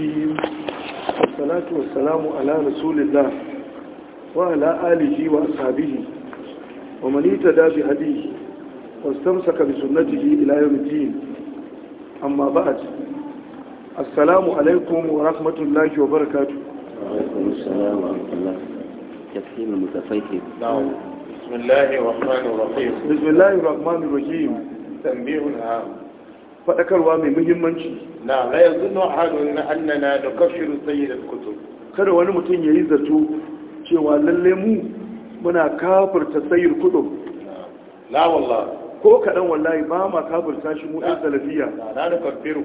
الرجيم والصلاة والسلام على رسول الله وعلى آله وأصحابه ومن اهتدى بهديه واستمسك بسنته إلى يوم الدين أما بعد السلام عليكم ورحمة الله وبركاته وعليكم السلام ورحمة الله تفهيم المتفيتم نعم بسم الله الرحمن الرحيم بسم الله الرحمن الرحيم تنبيه العام faɗakarwa mai muhimmanci na la yazunnu ahadun annana da kafin sayyid al-kutub kada wani mutum ya yi zato cewa lalle mu muna kafarta sayyid kutub Na wallahi ko kaɗan wallahi ba ma kafirta shi mu ɗan salafiya la da kafiru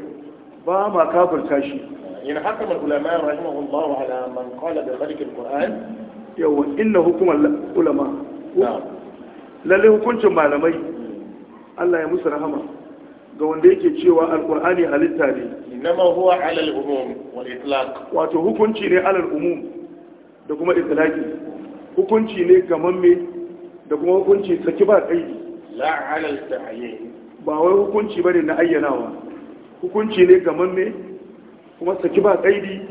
ba ma kafirta shi in hakama ulama rahimahullahu ala man qala bi khalq al-quran yawa inna hukuma ulama lalle hukuncin malamai hmm. Allah ya musu rahama ga wanda yake cewa alkur'ani halitta ne inama huwa alal umum wal itlaq wato hukunci ne alal umum da kuma itlaqi hukunci ne me da kuma hukunci saki ba kai la alal ta'yin ba wai hukunci bane na ayyanawa hukunci ne me kuma saki ba kaidi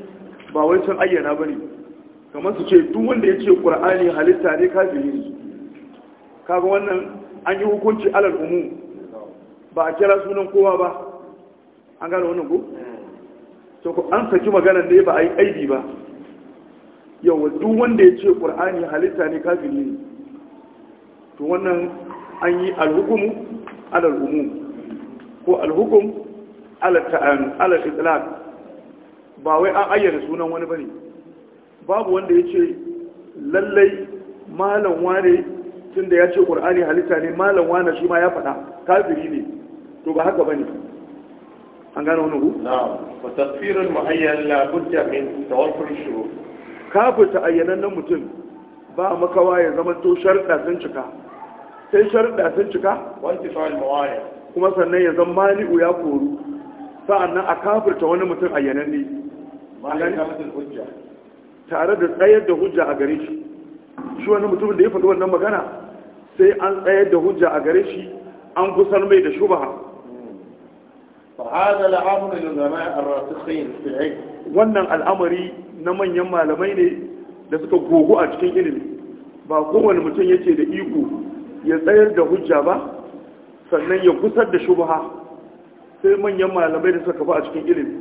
ba wai san ayyana bane kamar su ce duk wanda ya ce qur'ani halitta ne kafiri kaga wannan an yi hukunci alal umum ba a kira sunan kowa ba an gane wannan ku? to ku an saki maganar ne ba a yi aibi ba yawa duk wanda ya ce qur'ani halitta ne kafiri ne to wannan an yi alhukumu ala ko alhukum ala ta'anu ala ba wai an ayyana sunan wani bane babu wanda ya ce lallai malam wane tunda ya ce qur'ani halitta ne malam wane shi ma ya faɗa kafiri ne to ba haka bane an gano wani ku na'am wa tafsirul muayyan la budda min tawaffur shurut ayyanan nan mutum ba makawa ya zama to sharɗa sun cika sai sharɗa sun cika wanti fa'al muayyan kuma sannan ya zama mali'u ya koru sa'annan a kafirta wani mutum ne tare da tsayar da hujja a gare shi shi wani mutum da ya faɗi wannan magana sai an tsayar da hujja a gare shi an kusan mai da shubaha فهذا الامر للعلماء الراسخين في العلم wannan al'amari na manyan malamai ne da suka gogo a cikin ilimi ba kowane mutum yake da iko ya tsayar da hujja ba sannan ya gusar da shubha sai manyan malamai da suka kafa a cikin ilimi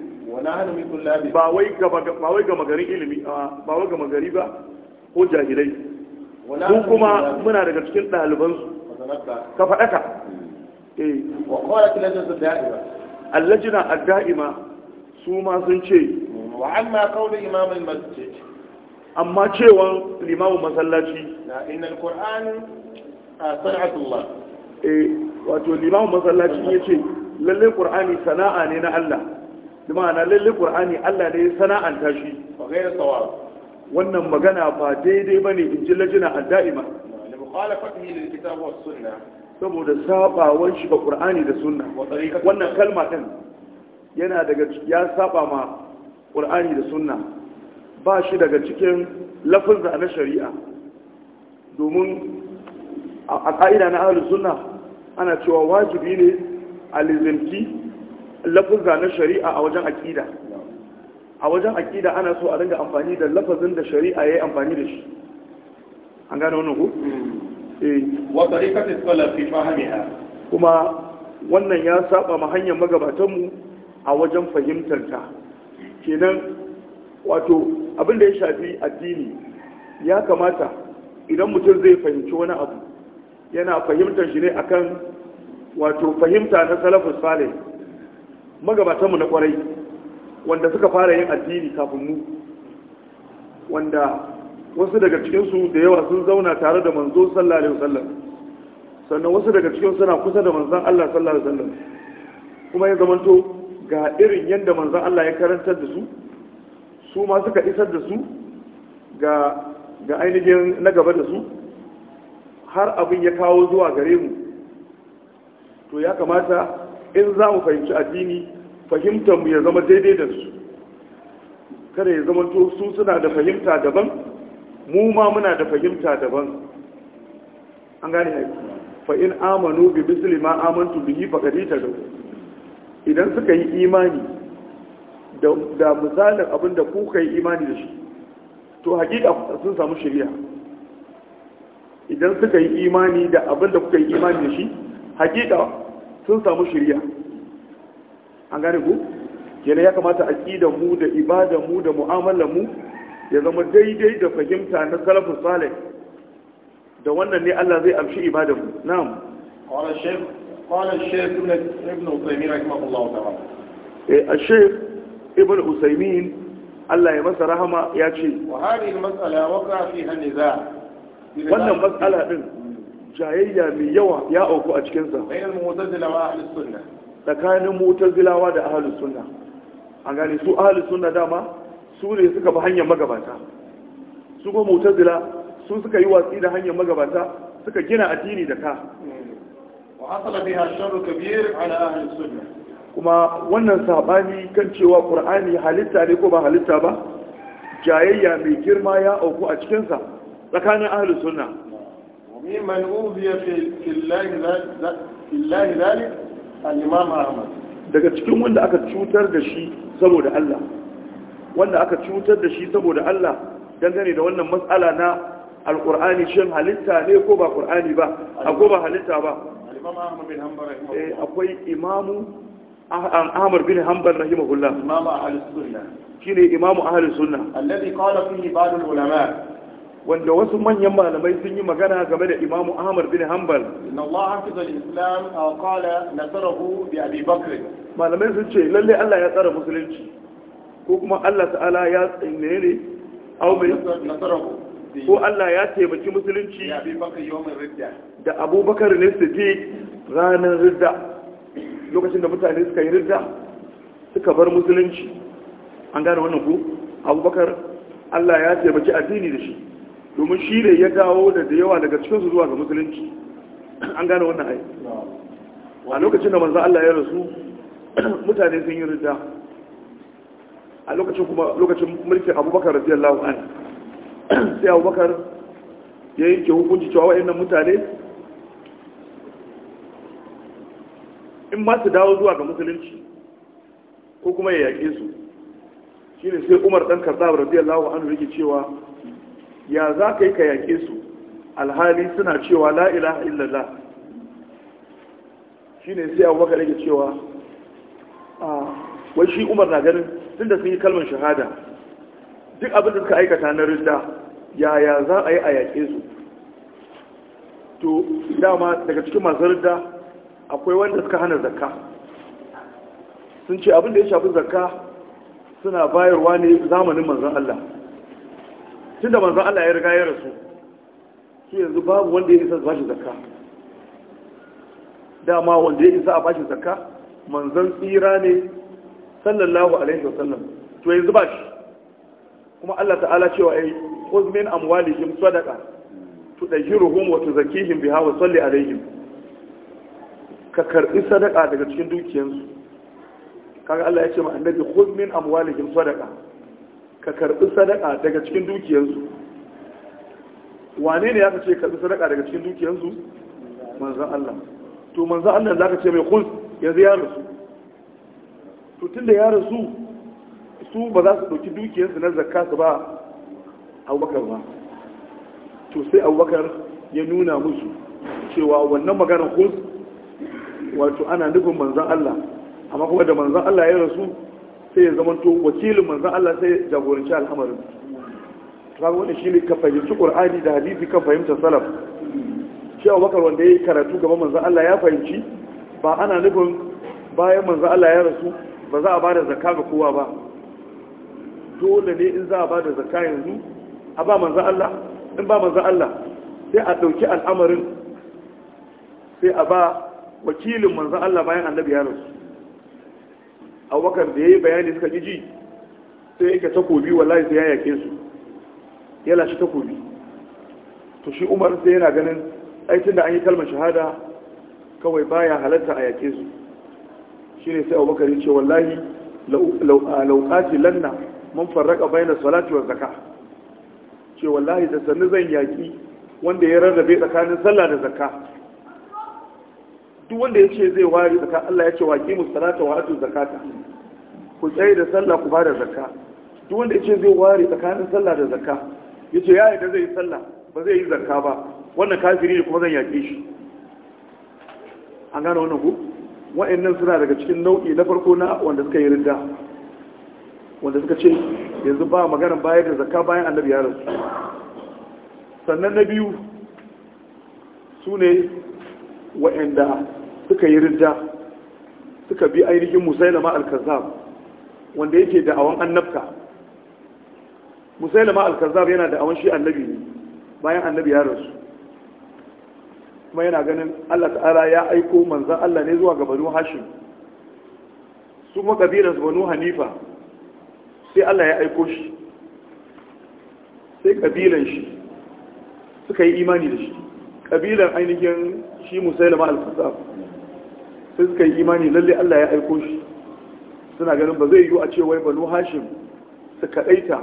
ba wai gama garin ilimi ba wai ga magari ba ko jahirai ko kuma muna daga cikin ɗalibansu ka faɗaka hmm. eh wa qala da'ira allajina adda'ima su ma sun ce wa amma qawlu imam masjid amma cewa limamin masallaci ah, eh, wato limamin masallaci yace lalle qur'ani sana'a ne na Allah bi ma'ana lalle qur'ani Allah ne sana'anta shi wannan magana ba daidai ba in ji lajina adda'ima li saboda sabawan shi ga qur'ani da sunna wannan kalma din yana daga ya saba ma qur'ani da sunna ba shi daga cikin lafazza na shari'a domin a ka'ida na ahlus sunna ana cewa wajibi ne alizimti lafazza na shari'a a wajen aqida a wajen aqida ana so a dinga amfani da lafazin da shari'a yayin amfani da shi an gane wannan ku Eh. kuma wannan ya saba ma hanyar magabatanmu a wajen fahimtar ta kenan wato abin da ya shafi addini ya kamata idan mutum zai fahimci wani abu yana fahimtar shi ne akan wato fahimta na salafus salih magabatanmu na kwarai wanda suka fara yin addini kafin mu wanda wasu daga cikinsu da yawa sun zauna tare da manzo sallallahu alaihi wasallam sannan wasu daga cikin suna kusa da manzon Allah sallallahu alaihi wasallam kuma ya zamanto ga irin yanda manzon Allah ya karantar da su su ma suka isar da su ga ga ainihin na gaba da su har abin ya kawo zuwa gare mu to ya kamata in za mu fahimci addini fahimtar mu ya zama daidai da su kada ya zamanto su suna da fahimta daban mu ma muna da fahimta daban an gane haiti fa in amanu bi bisli ma amantu bihi faqad da idan suka yi imani da da misalin abinda ku kai imani da shi to hakika sun samu shari'a idan suka yi imani da abinda kuka yi imani da shi hakika sun samu shari'a an gane ku yana ya kamata aqidan mu da ibadan mu da mu'amalan mu ya zama daidai da fahimta na salafin salih da wannan ne Allah zai amshi ibadan mu na'am qala shaykh qala shaykh ibn usaymin ibn eh, Allah ya masa rahama ya ce wa al-mas'ala fiha wannan mas'ala din jayayya mai yawa ya auku a cikin sa bayan mu'tazila wa ahli sunna tsakanin mu'tazilawa da ahlus sunna an gane su ahlus sunna dama su ne suka bi hanyar magabata su kuma mutazila su suka yi watsi da hanyar magabata suka gina addini da ka Wa asala kuma wannan sabani kan cewa qur'ani halitta ne ko ba halitta ba jayayya mai girma ya auku a cikinsa tsakanin ahlus sunna mimman ubiya fillahi zalik al-imam ahmad daga cikin wanda aka cutar da shi saboda Allah wanda aka cutar da shi saboda Allah dangane da wannan matsala na alkur'ani shin halitta ne ko ba qur'ani ba ko ba halitta ba akwai imamu ahmad bin hanbal rahimahullah eh, imamu ah, ah, ahlus sunna shine imamu ahlus sunna alladhi qala fihi ba'd ulama wanda wasu manyan malamai sun yi magana game da Imam ahmad bin hanbal inna allah hafiza al-islam aw qala nasarahu bi abi bakr malamai sun ce lalle Allah ya tsara musulunci ko kuma Allah ta'ala ya tsine ne au mai ko Allah ya taimaki musulunci da abubakar ne su fi ranar ridda lokacin da mutane suka yi ridda suka bar musulunci an gane wannan ku abubakar Allah ya taimaki addini da shi domin shi ne ya dawo da da yawa daga cikinsu zuwa ga musulunci an gane wannan ai a lokacin da manzo Allah ya rasu mutane sun yi ridda a lokacin kuma lokacin mulkin abubakar radiyallahu an sai abubakar ya yi ke hukunci cewa wa'annan mutane in ba su dawo zuwa ga musulunci ko kuma ya yaƙe su Shi ne sai umar ɗan karzab radiyallahu anhu yake cewa ya za ka yi ka yaƙe su alhali suna cewa la'ila illalla. Shi ne sai abubakar yake cewa ah, wai shi umar na ganin tunda sun yi kalmar shahada duk abin da suka aikata na ridda yaya za a yi a yaƙe su to dama daga cikin masu ridda akwai wanda suka hana zakka sun ce abin da ya shafi zakka suna bayarwa ne zamanin manzan Allah tunda manzan Allah ya riga ya rasu su yanzu babu wanda ya isa ba shi zakka dama wanda ya isa a ba shi zakka manzan tsira ne sallallahu alaihi wasallam to yanzu ba shi kuma Allah ta'ala cewa ai khudh min amwalihim sadaqa tudahhiruhum wa tuzakkihim biha wa salli alaihim ka karbi sadaka daga cikin dukiyansu kaga Allah ya ce ma annabi khudh min amwalihim sadaqa ka karbi sadaka daga cikin dukiyansu wane ne ya ce karbi sadaka daga cikin dukiyansu manzon Allah to manzon Allah zaka ce mai khudh yanzu ya rasu to tun da ya rasu su ba za su ɗauki dukiyarsu na zakka su ba abubakar ba to sai abubakar ya nuna musu cewa wannan maganar hus wato ana nufin manzan Allah amma kuma da manzan Allah ya rasu sai ya to wakilin manzan Allah sai ya jagoranci al'amarin kaga wani shi ne ka fahimci ƙur'ani da hadisi kan fahimtar salaf shi abubakar wanda ya yi karatu gaban manzan Allah ya fahimci ba ana nufin bayan manzan Allah ya rasu ba za a ba da zaka ga kowa ba dole ne in za a ba da zaka yanzu a ba manza Allah in ba manza Allah sai a ɗauki al'amarin sai a ba wakilin manza Allah bayan annabi ya rasu wakar da ya yi bayani suka ji ji sai yake takobi wallahi sai ya yake su ya lashe takobi to shi umar sai yana ganin aikin da an yi kalmar shahada kawai baya halatta a yake su ne sai abubakar ya ce wallahi lauƙaci lanna mun farraka bayan salati wa zaka ce wallahi da sannu zan yaƙi wanda ya rarrabe tsakanin sallah da zaka. duk wanda ya ce zai wari zaka Allah ya ce wa kimu salata wa atu zakata ku tsaye da sallah ku bada zaka. duk wanda ya ce zai wari tsakanin sallah da zaka, ya ce ya yadda zai yi sallah ba zai yi zaka ba wannan kafiri ne kuma zan yaƙe shi an gane wannan ku wa'annan suna daga cikin nau'i na farko na wanda suka yi ridda wanda suka ce yanzu ba maganar bayar da zakka bayan annabi ya rasu sannan na biyu su ne wa'anda suka yi ridda suka bi ainihin musailama al-kazzab wanda yake da'awan annabta musailama al-kazzab yana awon shi annabi ne bayan annabi ya rasu kuma yana ganin Allah ta'ala ya aiko manzan Allah ne zuwa ga banu hashim su kuma banu hanifa sai Allah ya aiko shi sai kabilan shi suka yi imani da shi kabilan ainihin shi musailama al-fasaf sai suka yi imani lalle Allah ya aiko shi suna ganin ba zai yiwu a cewa banu hashim su kadaita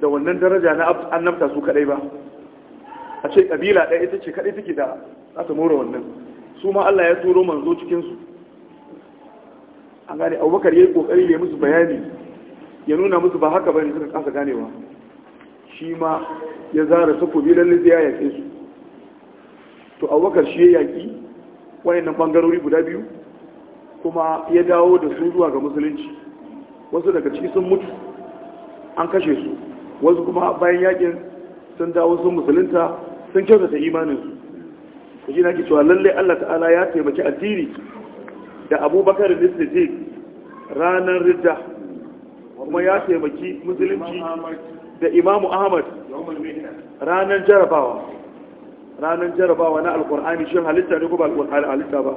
da wannan daraja na annabta su kadai ba a ce kabila ɗaya ita ce kadai take da za mora more wannan su ma Allah ya turo manzo cikin su an gane abubakar yayi kokari ya musu bayani ya nuna musu ba haka bane suka kasa ganewa shi ma ya zara takobi lalle zai yake su to abubakar shi ya yaki wayannan bangarori guda biyu kuma ya dawo da su zuwa ga musulunci wasu daga ciki sun mutu an kashe su wasu kuma bayan yakin sun dawo sun musulunta sun kyautata imaninsu shi na ke cewa lalle Allah ta'ala ya taimaki addini da abubakar siddiq ranar ridda kuma ya taimaki musulunci da imamu ahmad ranar jarabawa ranar jarabawa na alkur'ani shi halitta ne ko ba halitta ba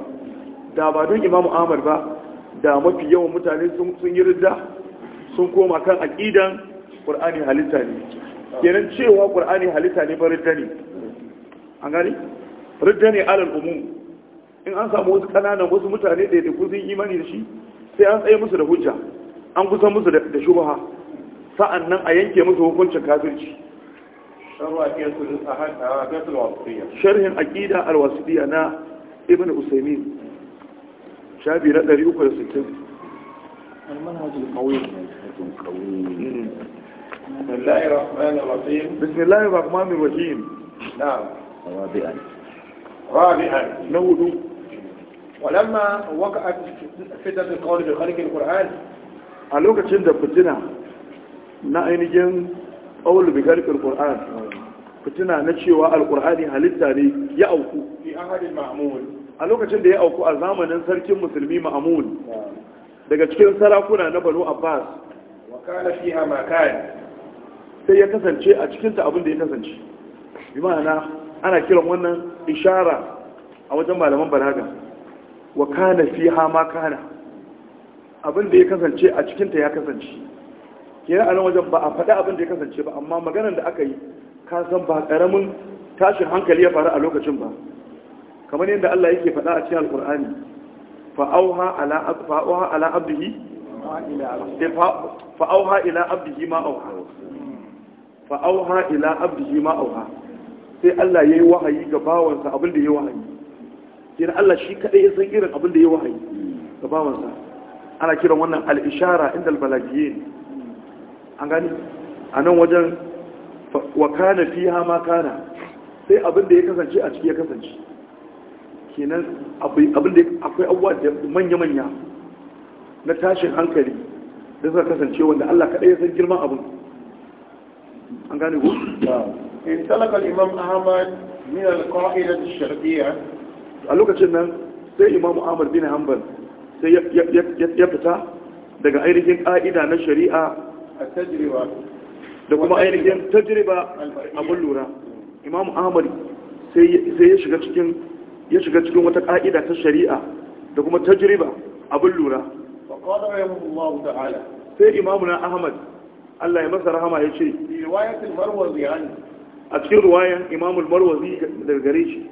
da ba don imamu ahmad ba da mafi yawan mutane sun yi ridda sun koma kan aƙidan ƙur'ani halitta ne kenan cewa ƙur'ani halitta ne ba ridda ne an gani ridda ne alal umum in an samu wasu kananan wasu mutane da da kuzin imani da shi sai an tsaye musu da hujja an kusan musu da shubaha, sa'an nan a yanke musu hukuncin kafirci sharhin aqida alwasitiya na ibn usaymin shafi na 360 بسم الله الرحمن الرحيم بسم الله الرحمن الرحيم نعم رابعا رابعا نود ولما وقعت فتنة القول القرآن a lokacin da fitina na أول ƙaunar القرآن fitina na cewa alƙul'ani halitta ne ya auku a lokacin da ya auku a zamanin sarkin musulmi ma'amun daga cikin sarakuna na banu abbas sai ya kasance a cikinta abin da ya kasance bi ma'ana ana kiran wannan ishara a wajen malaman balaga wa kana fi ma kana abin da ya kasance a cikinta ya kasance kenan a nan wajen ba a faɗi abin da ya kasance ba amma maganar da aka yi ka san ba ƙaramin tashin hankali ya faru a lokacin ba kamar yadda Allah yake faɗa a cikin alƙur'ani fa'auha ala ala abdihi fa'auha ila abdihi ma auha fa'auha ila abdihi ma auha sai Allah ya yi wahayi ga bawansa abin da ya wahayi na Allah shi kaɗai ya san irin abin da ya wahayi ga bawansa ana kiran wannan al'ishara inda albalagiye an gani a nan wajen wa kana fi hama kana sai abin da ya kasance a ciki ya kasance kenan abin da akwai abuwa da manya-manya na tashin hankali da suka kasance wanda Allah kaɗai ya san girman abin an gane ku in talakal imam ahmad min al-qa'ida ash-shar'iyya a lokacin nan sai imam ahmad bin hanbal sai ya fita daga ainihin ƙa'ida na shari'a da kuma ainihin tajriba abin lura imam ahmad sai ya shiga cikin wata ƙa'ida ta shari'a da kuma tajriba abin lura sai imamuna ahmad Allah ya masa rahama ya ce a cikin ruwayan imamul marwazi daga gare shi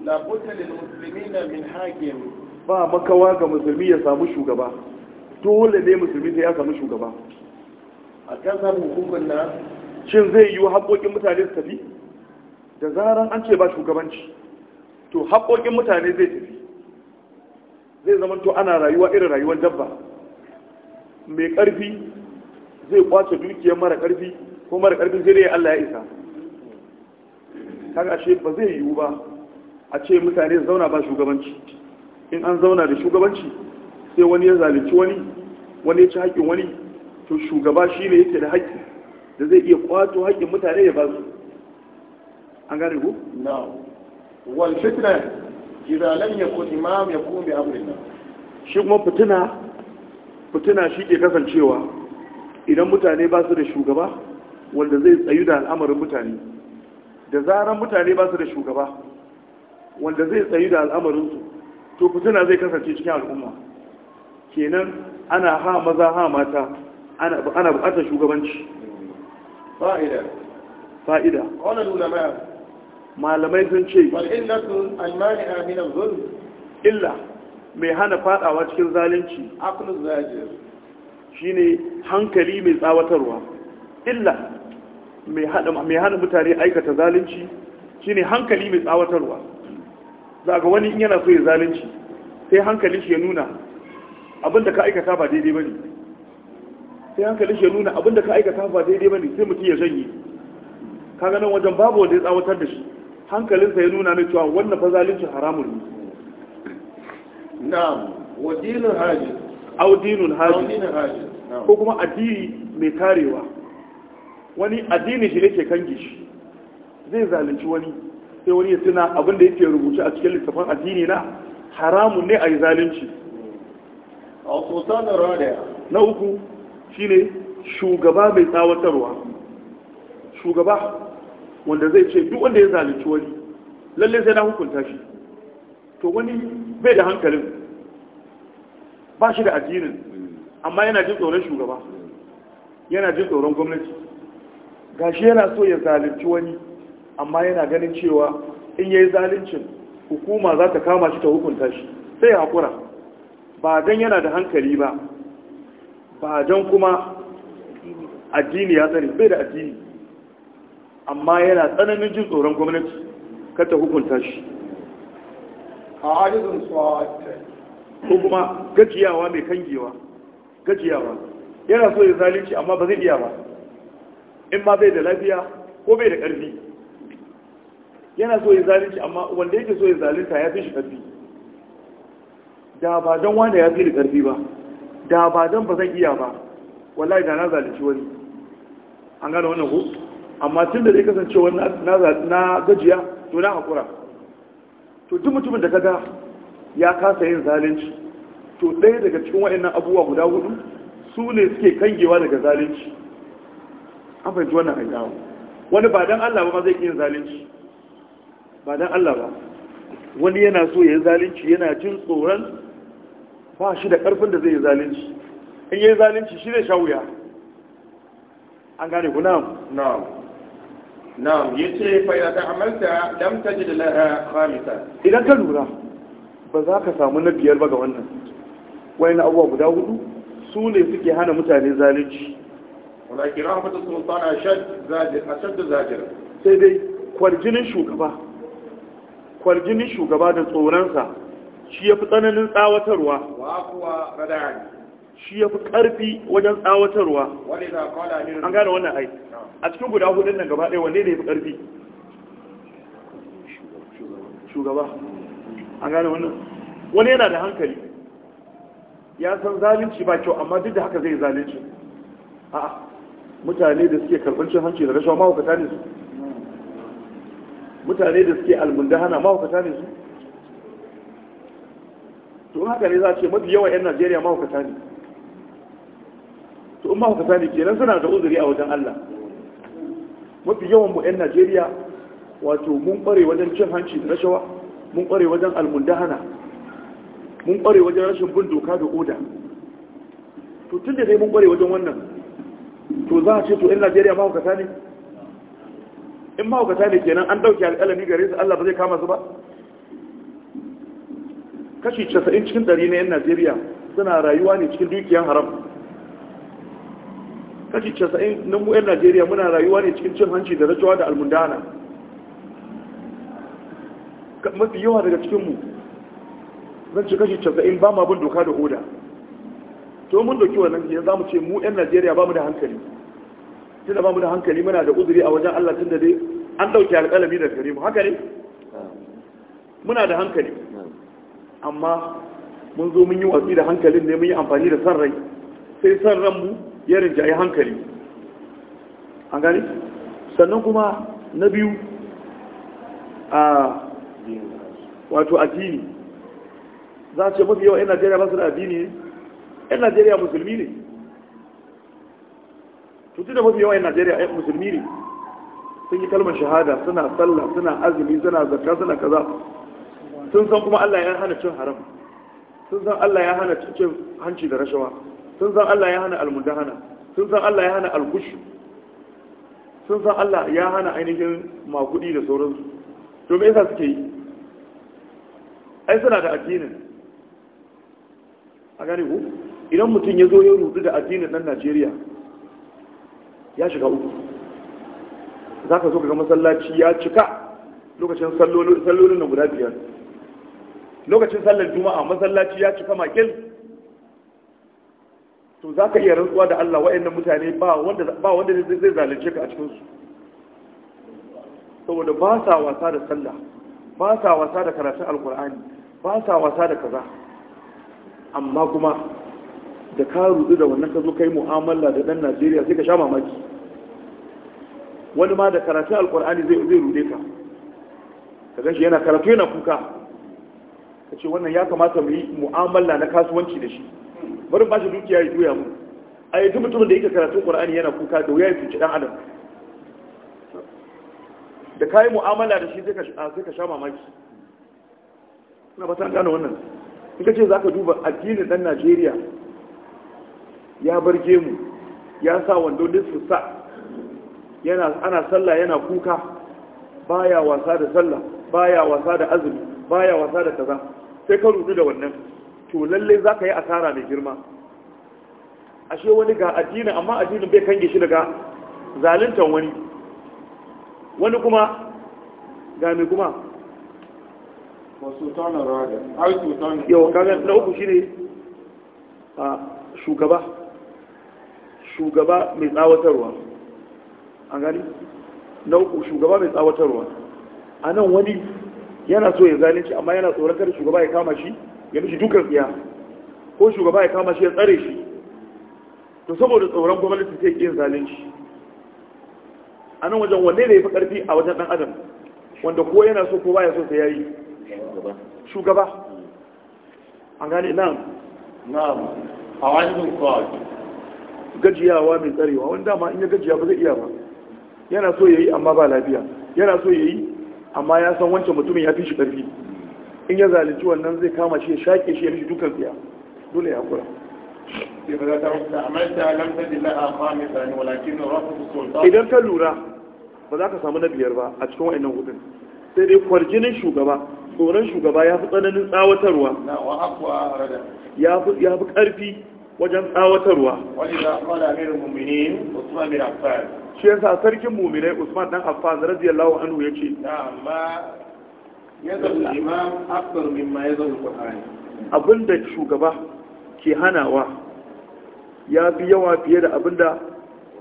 ba makawa ga musulmi ya samu shugaba dole ne musulmi ta ya samu shugaba a samun hukumar na shin zai yi haƙoƙin mutane su tafi da zaran an ce ba shugabanci to haƙoƙin mutane zai tafi zai zama to ana rayuwa irin rayuwar dabba mai ƙarfi zai kwace dukiyar mara karfi ko mara karfin zai dai Allah ya isa kaga ashe ba zai yiwu ba a ce mutane zauna ba shugabanci in an zauna da shugabanci sai wani ya zalunci wani wani ya ci haƙƙin wani to shugaba shi ne yake da haƙƙi da zai iya kwato haƙƙin mutane ya ba su an gane ku? na wal fitna idan lam yakun imam yakun bi amrillah shi kuma fitina fitina shi ke kasancewa idan mutane ba su da shugaba wanda zai tsayu da al'amarin mutane da zaran mutane ba su da shugaba wanda zai tsayu da al'amarinsu to fitina zai kasance cikin al'umma kenan ana ha maza ha mata ana bukatar shugabanci fa'ida fa'ida nuna ulama malamai sun ce illa mai hana fadawa cikin zalunci aqlu zajir shine hankali mai tsawatarwa illa mai hana mutane aikata zalunci shine hankali mai tsawatarwa za ga wani in yana so ya zalunci sai hankali shi ya nuna abinda ka aikata ba daidai bane sai hankali shi ya nuna abinda ka aikata ba daidai bane sai mutum ya janye kaga nan wajen babu wanda ya tsawatar da shi hankalinsa ya nuna mai cewa wannan fa zalunci haramun ne na'am wadilin hajj audinun haji ko kuma addini mai karewa wani addini shi yake kange shi zai zalunci wani sai wani ya tuna abinda yake rubuce a cikin littafin addini na haramun ne a yi zalunci na uku shine shugaba mai tsawatarwa shugaba wanda zai ce duk wanda ya zalunci wani lallai sai na hukunta shi to wani bai da hankalin ba shi da addinin amma yana jin tsoron shugaba yana jin tsoron gwamnati Ga shi yana so ya zalunci wani amma yana ganin cewa in ya yi zaluncin hukuma za ta kama shi ta hukunta shi sai ya haƙura. ba don yana da hankali ba ba don kuma addini ya tsari bai da addini amma yana tsananin jin tsoron gwamnati kata ta hukunta shi a hadisin a ko kuma gajiyawa mai kangewa gajiyawa yana so ya zalunci amma ba zai iya ba in ma bai da lafiya ko bai da ƙarfi yana so ya zalunci amma wanda yake so ya zalunta ya fi shi ƙarfi da ba don wanda ya fi da ƙarfi ba da ba don ba zan iya ba wallahi da na zalunci wani an gane wannan ku amma tun da zai kasance wani na gajiya to na haƙura to duk mutumin da ka ga ya kasa yin zalunci to ɗaya daga cikin wa'annan abubuwa guda hudu su ne suke kangewa daga zalunci an fahimci wannan hanyar wani ba don Allah ba ma zai yi zalunci ba don Allah ba wani yana so ya yi zalunci yana jin tsoron ba shi da ƙarfin da zai yi zalunci in yi zalunci shi ne shawuya an gane ku na'am na'am na'am yace fa ya ta amalta lam tajid laha khamisa idan ka lura ba za ka samu na biyar ba ga wannan na abuwa guda hudu su ne suke hana mutane zalunci walakin rahmatul sultan ashad shan da zajir sai dai kwarjinin shugaba kwarjinin shugaba da tsoronsa shi ya fi tsananin tsawatarwa wa kuwa radani shi ya fi ƙarfi wajen tsawatarwa an gane wannan ai a cikin guda hudun nan gaba ɗaya wanne ne ya fi ƙarfi shugaba an gane wannan wani yana da hankali ya san zalunci ba kyau amma duk da haka zai zalunci a'a mutane da suke karɓar cin hanci da rashawa mahaukata ne su mutane da suke almundahana mahaukata ne su to in haka ne za a ce mafi yawan 'yan najeriya mahaukata ne to in mahaukata ne kenan suna da uzuri a wajen allah mafi yawan mu 'yan najeriya wato mun kware wajen cin hanci da rashawa mun kware wajen almundahana mun kware wajen rashin bin doka da oda to tun da dai mun kware wajen wannan to za a ce to in najeriya mahaukata ne in mahaukata ne kenan an ɗauki alƙalami gare su allah ba zai kama su ba kashi 90 cikin 100 na 'yan najeriya suna rayuwa ne cikin dukiyan haram kashi 90 na mu 'yan najeriya muna rayuwa ne cikin cin hanci da rajuwa da almundana mafi yawa daga cikinmu zan ci kashi casa'in ba ma bin doka da hoda to mun doki wannan jiya za mu ce mu 'yan najeriya ba mu da hankali tunda ba mu da hankali muna da uzuri a wajen allah tunda dai an ɗauki alƙalami da gare mu haka ne muna da hankali amma mun zo mun yi watsi da hankalin ne mun yi amfani da san rai sai san mu ya rinjaye hankali an gani sannan kuma na biyu a wato addini za a ce mafi yawa 'yan najeriya ba su da addini ne 'yan najeriya musulmi ne tutu da mafi yawa 'yan najeriya musulmi ne sun yi kalmar shahada suna sallah suna azumi suna zarka suna kaza sun san kuma allah ya hana cin haram sun san allah ya hana cin hanci da rashawa sun san allah ya hana almudahana sun san allah ya hana alkush sun san allah ya hana ainihin makudi da sauransu to me yasa suke yi ai suna da addinin a gane ku idan mutum ya zo ya rudu da addinin nan najeriya ya shiga uku za ka zo ka ga masallaci ya cika lokacin sallolin na guda biyar lokacin sallar juma'a masallaci ya cika makil to za ka iya rantsuwa da allah wa'annan mutane ba wanda zai zalunce ka a cikinsu saboda ba sa wasa da sallah ba sa wasa da karatun alkur'ani ba sa wasa da kaza amma kuma da ka rudu da wannan ka zo kai mu'amala da dan Najeriya sai ka sha mamaki wani ma da karatu alkur'ani zai zai rude ka ka gashi yana karatu yana kuka ka ce wannan ya kamata mu yi mu'amala na kasuwanci da shi bari ba shi dukiya ya juya mu a yi mutumin da yake karatu alkur'ani yana kuka da wuya ya fice dan adam da ka yi mu'amala da shi sai ka sha mamaki na fata gano wannan in ce za ka duba addinin ɗan najeriya ya barge mu ya sa wando su sa ana sallah yana kuka baya wasa da sallah baya wasa da azumi baya wasa da kaza sai ka rudu da wannan to lalle za ka yi asara mai girma ashe wani ga addinin amma addinin bai kange shi daga zaluntar wani wani kuma ga mai kuma na uku shi ne a shugaba shugaba mai tsawatarwa an gani na uku shugaba mai tsawatarwa a nan wani yana so ya zalunci amma yana tsoron kada shugaba ya kama shi ya mishi dukkan tsiya ko shugaba ya kama shi ya tsare shi to saboda tsoron gwamnati sai yin zalunci a nan wajen wanne ne ya fi karfi a wajen dan adam wanda ko yana so ko baya so sai yayi shugaba an gane nan na a wani gajiyawa mai tsarewa wani dama in ya gajiya ba zai iya ba yana so ya yi amma ba lafiya yana so ya yi amma ya san wancan mutumin ya fi shi ƙarfi in ya zalunci wannan zai kama shi ya shaƙe shi ya shi dukkan tsiya dole ya kura idan ka lura ba za ka samu na biyar ba a cikin wa'annan hudun sai dai kwarjinin shugaba tsoron shugaba ya fi tsananin tsawatarwa ya fi ƙarfi wajen tsawatarwa shi yasa sarkin muminai usman dan affan radiyallahu anhu ya ce abinda shugaba ke hanawa ya fi yawa fiye da abinda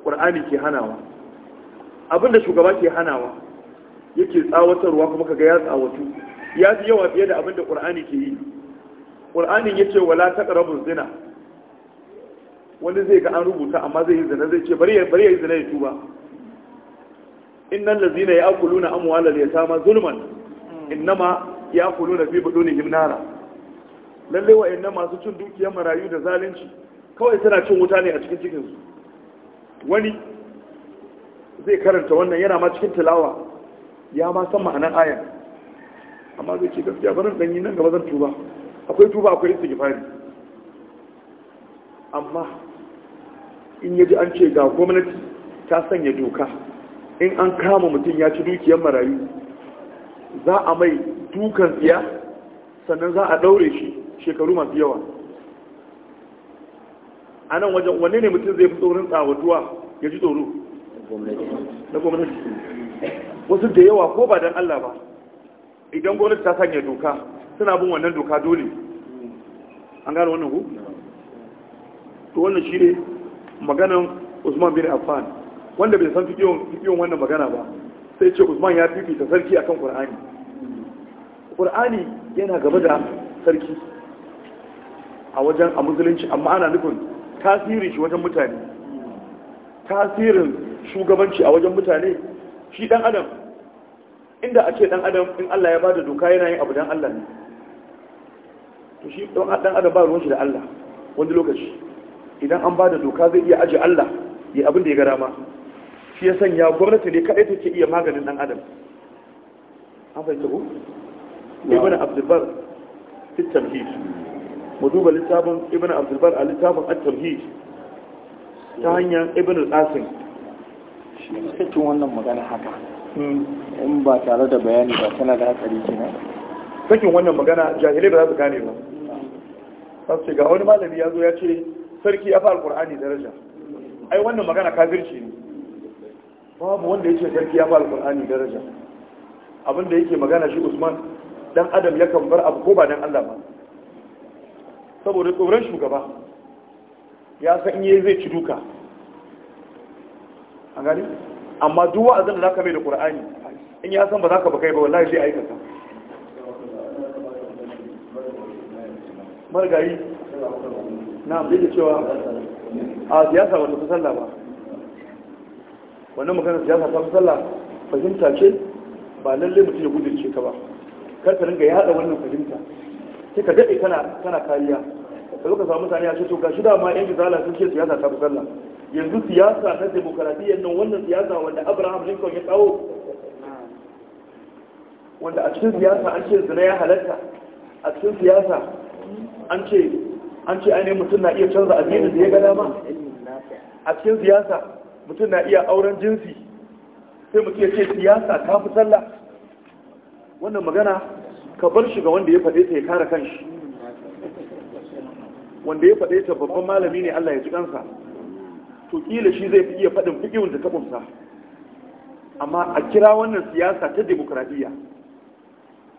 ƙur'ani ke hanawa abinda shugaba ke hanawa yake tsawatarwa kuma kaga ya tsawatu ya fi yawa fiye da abinda ƙur'ani ke yi Ƙur'ani ya ce wala ƙarabin zina wani zai ga an rubuta amma zai yi zina zai ce bari ya yi zina ya tuba innal ladzina ya'kuluna amwalal yatama zulman innama na fi ne himnara. Lallai wa inna masu cin dukiyar marayu da zalunci kawai tana cin wuta ne a cikin cikinsu. wani zai karanta wannan yana ma cikin tilawa ya ma san ma'anar ayan amma zai ce gaskiya ba nan danyi nan gaba zan tuba akwai tuba akwai istighfari amma in ji an ce ga gwamnati ta sanya doka in an kama mutum ya ci dukiyar marayu za a mai dukan siya sannan za a daure shi shekaru masu yawa a nan wajen wanne ne mutum zai fi tsoron tsawatuwa ya ji tsoro na gwamnati wasu da yawa ko ba don allah ba idan gwamnati ta sanya doka suna bin wannan doka dole an gane wannan ku to wannan shi ne maganan usman bin affan wanda bai san fikiyon wannan magana ba sai ce usman ya fi fifita sarki akan kur'ani Ƙur'ani yana gaba da sarki a wajen a musulunci amma ana nufin tasirin shi wajen mutane tasirin shugabanci a wajen mutane shi dan adam inda a ce adam in Allah ya bada doka yana yin abu don Allah ne to shi ɗan adam ba ruwan shi da Allah wani lokaci idan an bada doka zai iya aji Allah ya abin da ya gara ma shi ya sanya gwamnati ne kadai take iya maganin ɗan adam an fahimta ko ibn abdulbar fi mu duba littafin ibn abdulbar a littafin at ta hanyar ibn al shi ne cikin wannan magana haka in ba tare da bayani ba tana da hatsari kenan sakin wannan magana jahilai ba za su gane ba sasu ga wani malami ya zo ya ce sarki ya fi alkur'ani daraja ai wannan magana kafirci ne babu wanda ya ce sarki ya fi alkur'ani daraja abinda yake magana shi usman dan adam ya kan bar abu ko ba dan allah ba saboda tsoron shugaba ya san in yi zai ci duka a gani amma duk a zan zaka mai da ƙura'ani in ya san ba za ba kai ba wallahi zai aikata margari na amfani da cewa a siyasa wata ta sallah ba wannan maganar siyasa ta sallah fahimta ce ba lalle mutum ya ce ta ba kar ka ya yada wannan fahimta sai ka daɗe kana kariya ka zo ka samu mutane a ce to shida, dama yan gizala sun ce siyasa ta sallah yanzu siyasa na demokaradiyyar nan wannan siyasa wanda abraham lincoln ya tsawo? wanda a cikin siyasa an ce zina ya halatta a cikin siyasa an ce an ce ainihin mutum na iya canza addinin da ya ga dama a cikin siyasa mutum na iya auren jinsi sai mutum ya ce siyasa ta fi sallah wannan magana ka bar shi ga wanda ya faɗe ta ya kare kanshi wanda ya faɗe ta babban malami ne Allah ya ji kansa to kila shi zai iya faɗin fiƙiyun da ta ƙunsa amma a kira wannan siyasa ta demokradiyya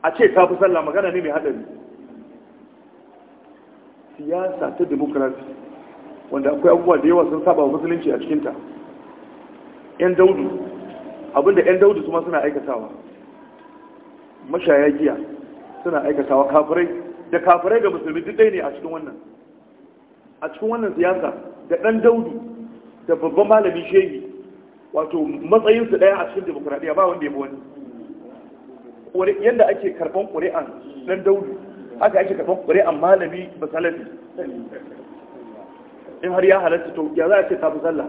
a ce ta fi sallah magana ne mai haɗari siyasa ta demokradi wanda akwai abubuwa da yawa sun saba wa musulunci a cikinta 'yan daudu abinda 'yan daudu su ma suna aikatawa mashaya giya suna aikatawa kafirai da kafirai ga musulmi duk ɗaya ne a cikin wannan a cikin wannan siyasa da ɗan daudu da babban malami shehi wato matsayinsu ɗaya a cikin demokuraɗiyya ba wanda ya bi wani yadda ake karɓar ƙuri'an ɗan daudu haka ake karɓar ƙuri'an malami basalafi in har ya halatta to ya za a ce ta fi sallah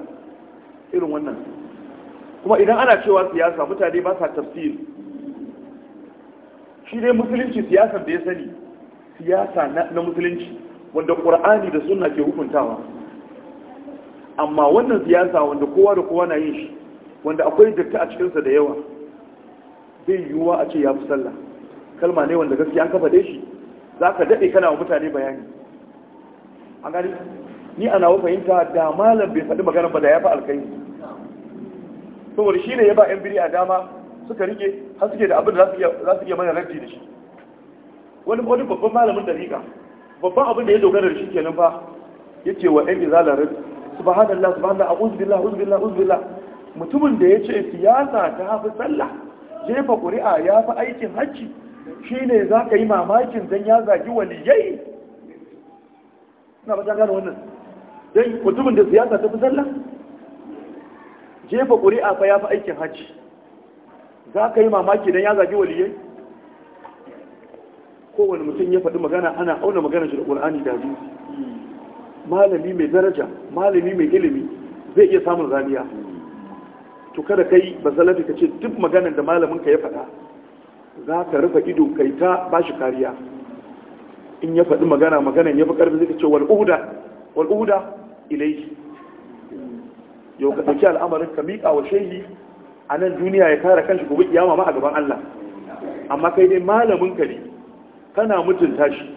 irin wannan kuma idan ana cewa siyasa mutane ba sa tafsir shi dai musulunci siyasar da ya sani siyasa na musulunci wanda ƙur'ani da suna ke hukuntawa amma wannan siyasa wanda kowa da kowa na yin shi wanda akwai datti a cikinsa da yawa zai yiwuwa a ce ya fi sallah kalma ne wanda gaskiya an kafa shi za ka daɗe kana wa mutane bayani A gani ni a nawa fahimta da malam bai faɗi magana ba da ya fi alkai saboda shi ne ya ba yan biri a dama suka rike har suke da abin da za su iya mana raddi da shi wani wani babban malamin dariƙa babban abin da ya dogara da shi kenan fa ya ce wa yan izala raddi subhanallah subhanallah a'udhu billahi a'udhu billahi a'udhu billahi mutumin da yace siyasa ta hafi sallah jefa ƙuri'a ya fi aikin hajji shine za ka yi mamakin dan ya zagi waliyai na bata gano wannan dan mutumin da siyasa ta fi sallah jefa ƙuri'a fa ya fi aikin hajji za ka yi mamaki dan ya zagi waliyai kowane mutum ya faɗi magana ana auna magana shi da ƙur'ani da hadisi malami mai daraja malami mai ilimi zai iya samun zaniya to kada kai ba zalafi ka ce duk maganar da malamin ka ya faɗa za ka rufe ido kai ta ba shi kariya in ya faɗi magana maganan ya fi ƙarfi zai ka ce wal'uda ilai yau ka ɗauki al'amarin ka miƙa wa shehi a nan duniya ya kare kanshi gobe iyama ma a gaban Allah amma kai dai malamin ka ne kana mutunta shi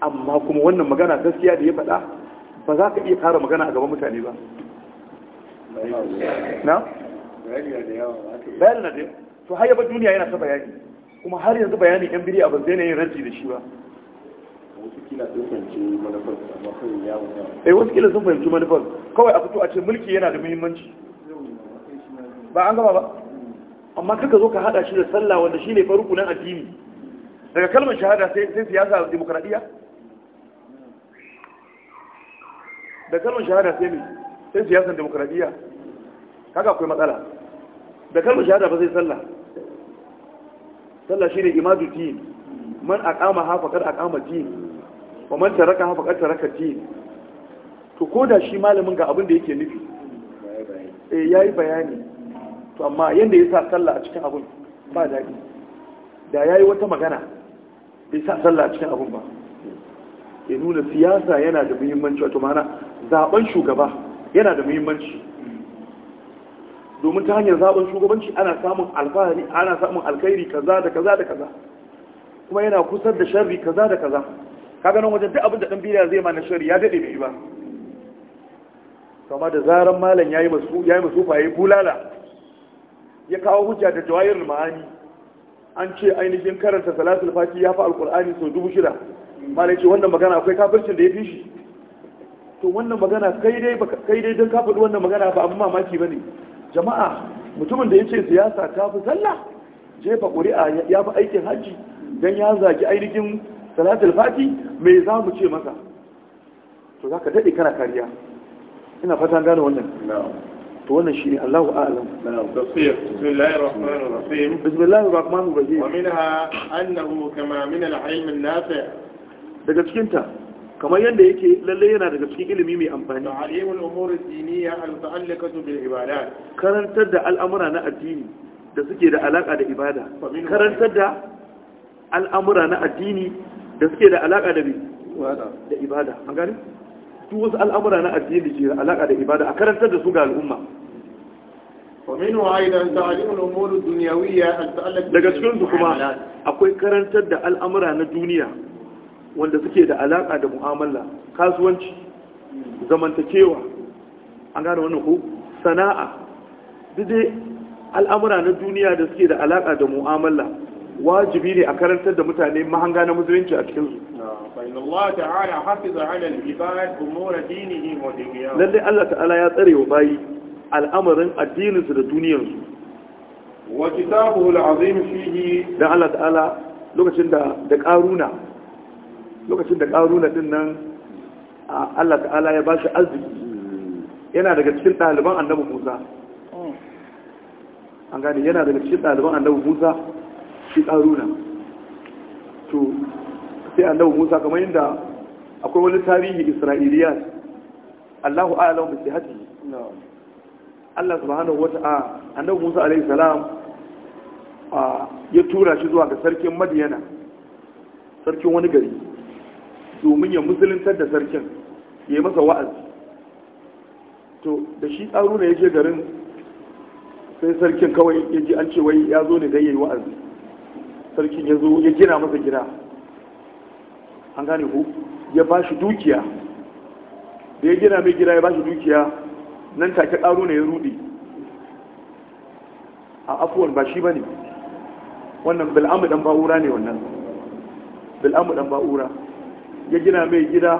amma kuma wannan magana gaskiya da ya faɗa ba za ka iya kara magana a gaban mutane ba na? bayani na da yawa. to har ba duniya yana ta bayani kuma har yanzu bayani yan biri a banzai na yin raji da shi ba eh wasu kila sun fahimci manufar kawai a fito a ce mulki yana da muhimmanci ba an gaba ba amma kaka zo ka hada shi da sallah wanda shi ne faruku na addini daga kalmar shahada sai siyasa da demokradiyya da kalmar shahada sai ne sai siyasar demokradiyya kaga akwai matsala da kalmar shahada ba sai sallah sallah ne imadu ti. man aqama ha a kama ti. wa man taraka ha faqad taraka ti. to ko da shi malamin ga abin da yake nufi eh yi bayani to amma yadda ya sa sallah a cikin abin ba daɗi da ya yi wata magana bai sa sallah a cikin abin ba ya nuna siyasa yana da muhimmanci wato mana zaben shugaba yana da muhimmanci domin ta hanyar zaben shugabanci ana samun alfahari ana samun alkhairi kaza da kaza da kaza kuma yana kusar da sharri kaza da kaza kaga nan wajen duk abin da dan biya zai ma na sharri ya dade mai ba kama da zaran malam yayi masu yayi masu faye bulala ya kawo hujja da jawahirul ma'ani an ce ainihin karanta salatul fati ya fi alqur'ani sau dubu shida malai ce wannan magana akwai kafircin da ya fi shi to wannan magana kai dai baka kai dai don ka wannan magana ba abin mamaki bane jama'a mutumin da yace siyasa ta fi sallah jefa ƙuri'a ya fi aikin hajji dan ya zagi ainihin salatul fati me za mu ce masa to zaka dade kana kariya ina fatan gane wannan to wannan shi ne Allahu a'lam bismillahir rahmanir rahim bismillahir rahmanir rahim wa minha annahu kama min al-ilm an-nafi' daga cikin ta kamar yadda yake lalle yana daga cikin ilimi mai amfani ta'alimul umur ad al bil ibadat karantar da al'amura na addini da suke da alaka da ibada karantar da al'amura na addini da suke da alaka da ibada an wasu al'amura na addini ke da alaka da ibada a karantar da su ga al'umma ومنه تعليم daga cikin kuma akwai karantar da al'amura na duniya wanda suke da alaƙa da mu'amala kasuwanci zamantakewa an gane wannan ku? sana'a dai al'amura na duniya da suke da alaƙa da mu'amala wajibi ne a karantar da mutane mahanga na musulunci a cikinsu lallai Allah ta'ala ya tsare wa bayi al'amarin addininsu da duniyarsu wa al'azim fihi da Allah ta'ala lokacin da da karuna lokacin da ƙaruna din nan Allah ta'ala ya ba shi arziki yana daga cikin ɗaliban annabi Musa an gane yana daga cikin ɗaliban annabi Musa shi ƙaruna to sai annabi Musa kamar yadda akwai wani tarihi Isra'iliya Allahu a'lam bi sihhati Allah subhanahu wata'ala annabi Musa alaihi salam ya tura shi zuwa ga sarkin Madiyana sarkin wani gari domin ya musuluntar da sarkin ya yi masa wa'azi to da shi tsaro ne ya je garin sai sarkin kawai ya ji an ce wai ya zo ne dai ya yi wa'azi sarkin ya zo ya gina masa gida an gane ku ya ba shi dukiya da ya gina mai gida ya ba shi dukiya nan take tsaro ne ya rudi a afuwan ba shi ba ne wannan bil'amu dan ba'ura ne wannan bil'amu dan ba'ura ya gina mai gida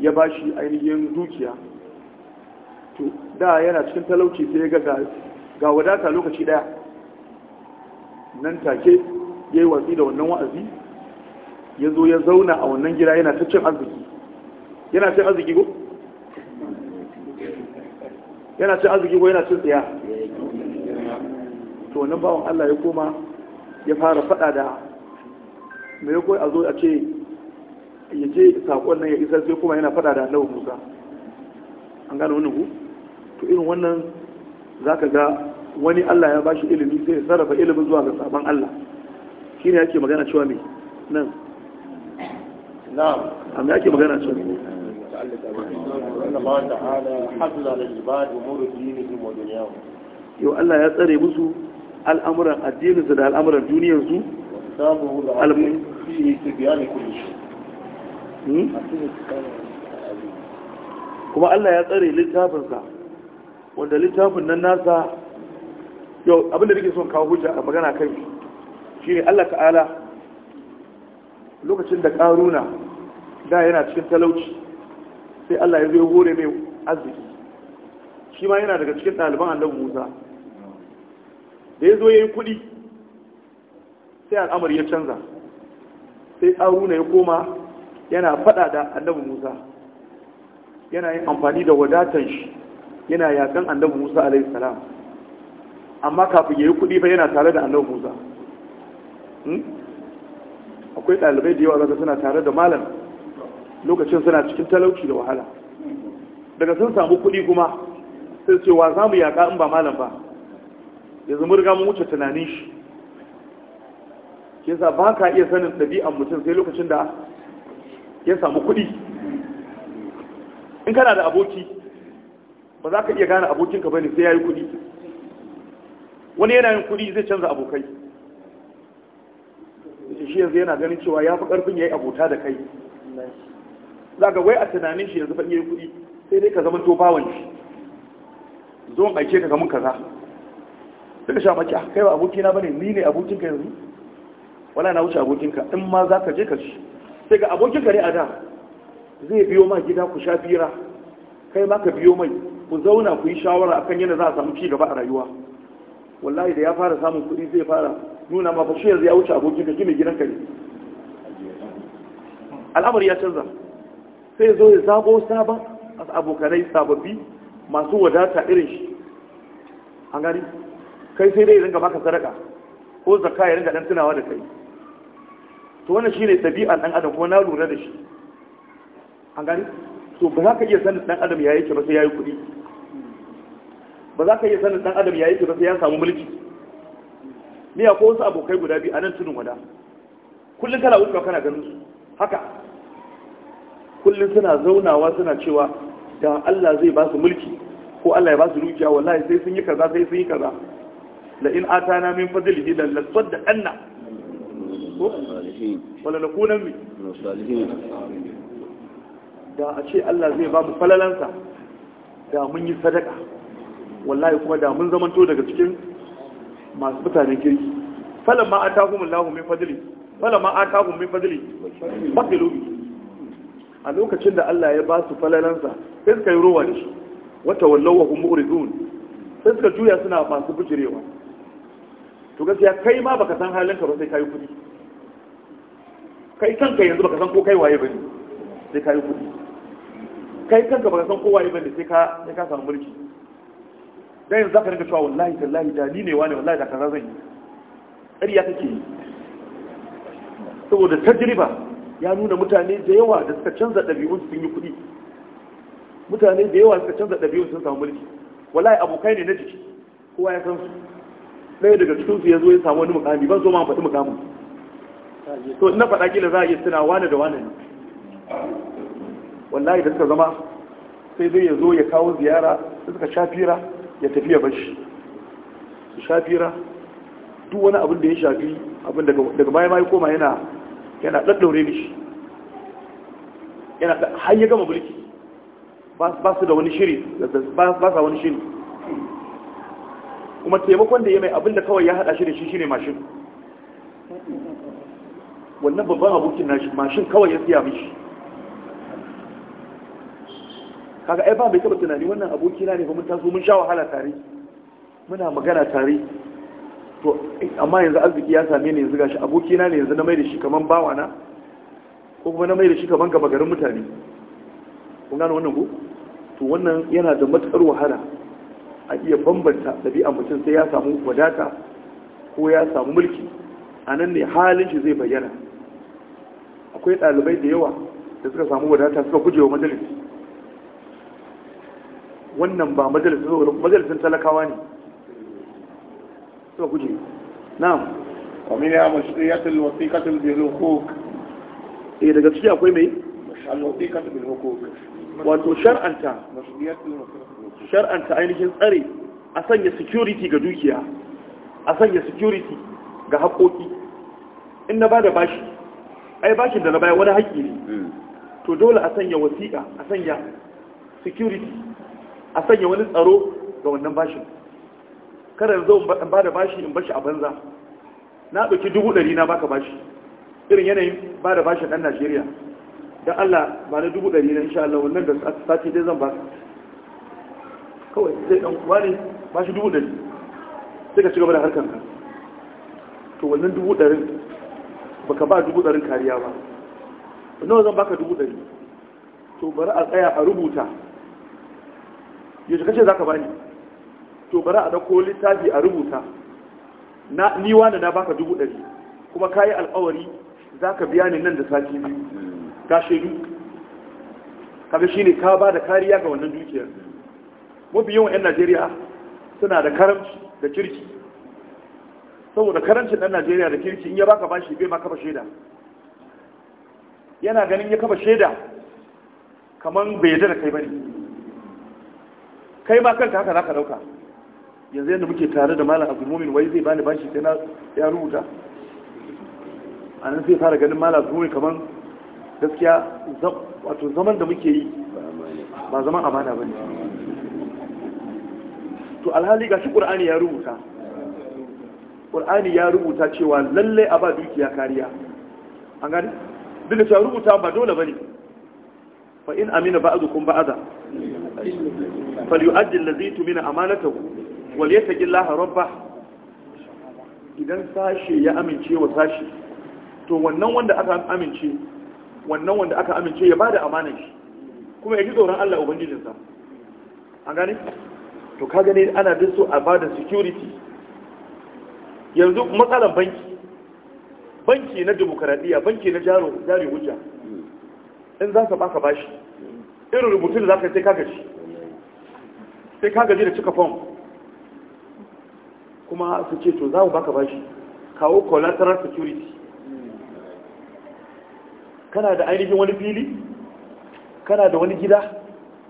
ya ba shi ainihin dukiya to da yana cikin talauci sai ya ga ga wadata lokaci daya nan take ya yi watsi da wannan wa'azi ya zo ya zauna a wannan gida yana ta cin arziki yana cin arziki ko? yana cin arziki ko yana cin tsaya to wannan bawon Allah ya koma ya fara fada da mai koyi a zo a ce ya je sakon nan ya isar sai kuma yana fada da annabi Musa an gane wannan ku to irin wannan zaka ga wani Allah ya bashi ilimi sai ya sarrafa ilimin zuwa ga sabon Allah Shi ne yake magana cewa me nan na'am amma yake magana cewa Allah ta'ala lil ibad umur wa yau Allah ya tsare musu al'amuran addininsu da al'amuran duniyarsu Hmm? kuma Allah ya tsare littafinsa wanda littafin nan nasa yau abinda nake son kawo hujja a magana kai shi ne Allah ta'ala lokacin da ƙaruna da yana cikin talauci sai Allah ya zai hore mai arziki shi ma yana daga cikin ɗaliban annabi Musa da ya zo ya yi kuɗi sai al'amari ya canza sai ƙaruna ya koma yana fada da annabi musa yana yin amfani da wadatar shi yana yakan annabi musa alaihi salam amma kafin yayi kudi fa yana tare da annabi musa hmm? akwai ɗalibai da yawa zaka suna tare da malam lokacin suna cikin talauci da wahala daga sun samu kuɗi kuma sai ce za mu yaƙa in ba malam ba yanzu mun riga mun wuce tunanin shi ke ba ka iya sanin ɗabi'an mutum sai lokacin da ya samu kuɗi in kana da aboki ba za ka iya gane abokinka ba ne sai ya yi kuɗi wani yana yin kuɗi zai canza abokai shi yanzu yana ganin cewa ya fi ƙarfin ya yi abota da kai za ga wai a tunanin shi yanzu fa iya yi kuɗi sai dai ka zama to bawon shi zo aike ka gamin kaza daga sha maki ah, kai wa abokina bane ni ne abokinka yanzu wala na wuce abokinka in ma za ka je ka ci sai ga abokin kare a da zai biyo ma gida ku sha fira kai ma ka biyo mai ku zauna ku yi shawara akan yadda za a samu ci gaba a rayuwa wallahi da ya fara samun kuɗi zai fara nuna ma fashe yanzu ya wuce abokin ka shi gidan kare al'amari ya canza sai zo ya zabo sabon abokanai sababbi masu wadata irin shi an gani kai sai dai ya ringa baka sadaka ko zakka ya ringa dan tunawa da kai to wannan shine tabi'an ɗan adam kuma na lura da shi an gani to ba za ka iya sanin ɗan adam ya yake ba sai ya yi kuɗi ba za ka iya sanin ɗan adam ya yake ba sai ya samu mulki ni ko wasu abokai guda biyu a nan tunin wada kullum kana wuce kana ganin su haka kullum suna zaunawa suna cewa da Allah zai ba su mulki ko Allah ya ba su dukiya wallahi sai sun yi kaza sai sun yi kaza la in atana min fadlihi lan lasadda anna wala na kunan mi da a ce Allah zai ba mu falalansa da mun yi sadaka wallahi kuma da mun zamanto daga cikin masu mutanen kirki falan ma atakum Allahu min fadli falan ma atakum min fadli bakilu a lokacin da Allah ya ba su falalansa sai suka yi rowa da shi wata wallahu wa hum muridun sai suka juya suna masu bujirewa to gaskiya kai ma baka san ka ba sai kai kudi kai kanka yanzu baka san ko kai waye bane sai ka yi kuɗi kai kanka baka san ko waye bane sai ka sai ka samu mulki dan yanzu zaka rinka cewa wallahi tallahi da ni ne wani wallahi da kaza zan yi ƙarya take yi saboda tajriba ya nuna mutane da yawa da suka canza ɗabi'un sun yi kuɗi mutane da yawa suka canza ɗabi'un sun samu mulki wallahi abokai ne na jiki kowa ya san su ɗaya daga cikin su ya zo ya samu wani mukami ban zo ma faɗi mukamin to na faɗa kila za a yi suna wane da wane ne wallahi da suka zama sai zai ya zo ya kawo ziyara suka shafira ya tafi ya bashi su shafira duk wani abin da ya shafi abin daga baya bayan koma yana yana ɗaɗɗaure ne shi yana har ya gama mulki ba su da wani shiri ba sa wani shiri kuma taimakon da ya mai abin da kawai ya haɗa shi da shi shine mashin wannan babban abokin nashi mashin kawai ya siya mishi kaga ai ba mai taba tunani wannan abokina ne mun taso mun sha wahala tare muna magana tare to eh, amma yanzu arziki ya same ni yanzu gashi abokina ne yanzu na mai da shi kaman bawana ko kuma na mai da shi kaman gaba garin mutane kun gano wannan ko to wannan yana da matsar wahala a iya bambanta ɗabi'a mutum sai ya samu wadata ko ya samu mulki a nan ne halin shi zai bayyana akwai ɗalibai da yawa da suka samu wadata suka guje wa majalis wannan ba majalisin talakawa ne suka guje na'am kwamin ya mashiriyatul wasiƙatul bilhukuk eh daga ciki akwai mai alwasiƙatul bilhukuk wato shar'anta shar'anta ainihin tsare a sanya security ga dukiya a sanya security ga haƙoƙi in na ba da bashi ai bashin da na baya wani haƙƙi ne hmm. to dole a sanya wasiƙa a sanya security a sanya wani tsaro ga wannan bashin kada yanzu in ba da bashi in bashi a banza na ɗauki dubu ɗari na baka bashi irin yanayin ba da bashin ɗan najeriya don allah ba na dubu ɗari na insha allah wannan da sati dai zan baka kawai zai ɗan ne bashi dubu ɗari sai ka ci gaba da harkar ka to wannan dubu ɗarin baka ba dubu ɗarin kariya ba nawa zan baka dubu ɗari to bari a tsaya a rubuta yaushe kace za ka bani to bari a ɗauko littafi a rubuta na ni wani na baka dubu ɗari kuma kayi alƙawari za ka biya ni nan da sati biyu ka shaidu kaga shine ka ba da kariya ga wannan dukiyar mafi yawan 'yan najeriya suna da karamci da kirki saboda karancin dan najeriya da kirki in ya baka bashi bai ma kafa shaida yana ganin ya kafa shaida kaman bai yadda da kai bane kai ma kanka haka zaka dauka yanzu yadda muke tare da malam abdulmumin wai zai bani bashi sai na ya rubuta a nan sai fara ganin malam abdulmumin kaman gaskiya wato zaman da muke yi ba zaman amana ba ne to alhali ga shi ƙur'ani ya rubuta Qur'ani ya rubuta cewa lallai a ba dukiya kariya an gani duk da cewa rubuta ba dole bane fa in amina ba'dukum ba'da falyu'addi allazi tumina amanatahu wal yattaqillaha rabbah idan sashi ya amince wa sashe to wannan wanda aka amince wannan wanda aka amince ya bada amanar shi kuma yaji tsoron Allah ubangijinsa an gani to ka gani ana dinsu a bada security yanzu matsalan banki banki na demokaradiyya banki na jari hujja in za su baka bashi irin rubutun da za ka sai kagaji sai kagaji da cika fom kuma su ce to za mu baka bashi kawo collateral security kana da ainihin wani fili kana da wani gida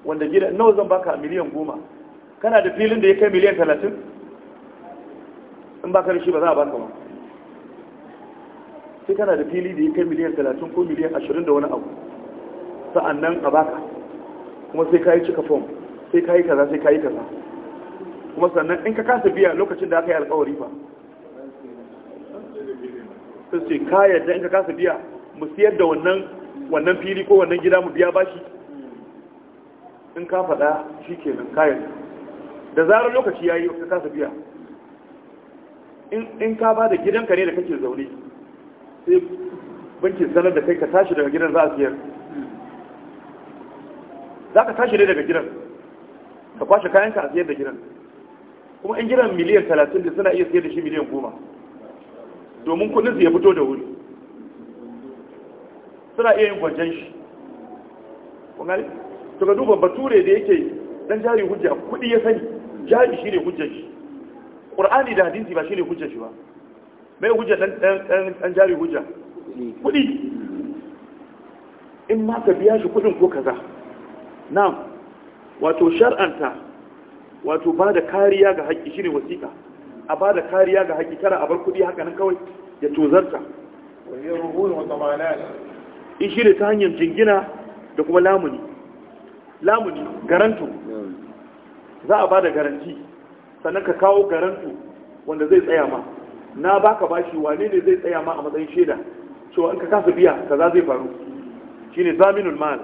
wanda gida nawa zan baka miliyan goma kana da filin da ya kai miliyan talatin in ba ka rashi shi ba za a ba ka ba sai kana da fili da ya kai miliyan talatin ko miliyan ashirin da wani abu sa'annan a baka kuma sai ka yi cika fom sai ka yi kaza sai ka yi kaza kuma sannan in ka kasa biya lokacin da aka yi alkawari ba sun ce ka yadda in ka kasa biya mu siyar da wannan fili ko wannan gida mu biya bashi in ka faɗa shi kenan kayan da zarar lokaci ya yi ka kasa biya in ka ba da gidanka ne da kake zaune sai bankin sanar da kai ka tashi daga gidan za a siyar za ka tashi ne daga gidan ka kwashe kayanka a siyar da gidan kuma in gidan miliyan talatin da suna iya siyar da shi miliyan goma domin kudinsu ya fito da wuri suna iya yin gwajen shi kunari to ga duba bature da yake dan jari hujja kudi ya sani jari shi ne hujjar shi qur'ani da hadisi ba shi ne hujja shi ba mai hujja dan dan dan jari hujja kudi in ma ka biya shi kudin ko kaza na'am wato shar'anta wato ba da kariya ga haƙƙi shine wasiƙa a ba da kariya ga haƙƙi kada a bar kudi haka nan kawai ya tozarta in shi ne ta hanyar jingina da kuma lamuni lamuni garanto za a ba da garanti sannan ka kawo garantu wanda zai tsaya ma na baka bashi wane ne zai tsaya ma a matsayin shaida cewa in ka kasa biya kaza zai faru shine zaminul mal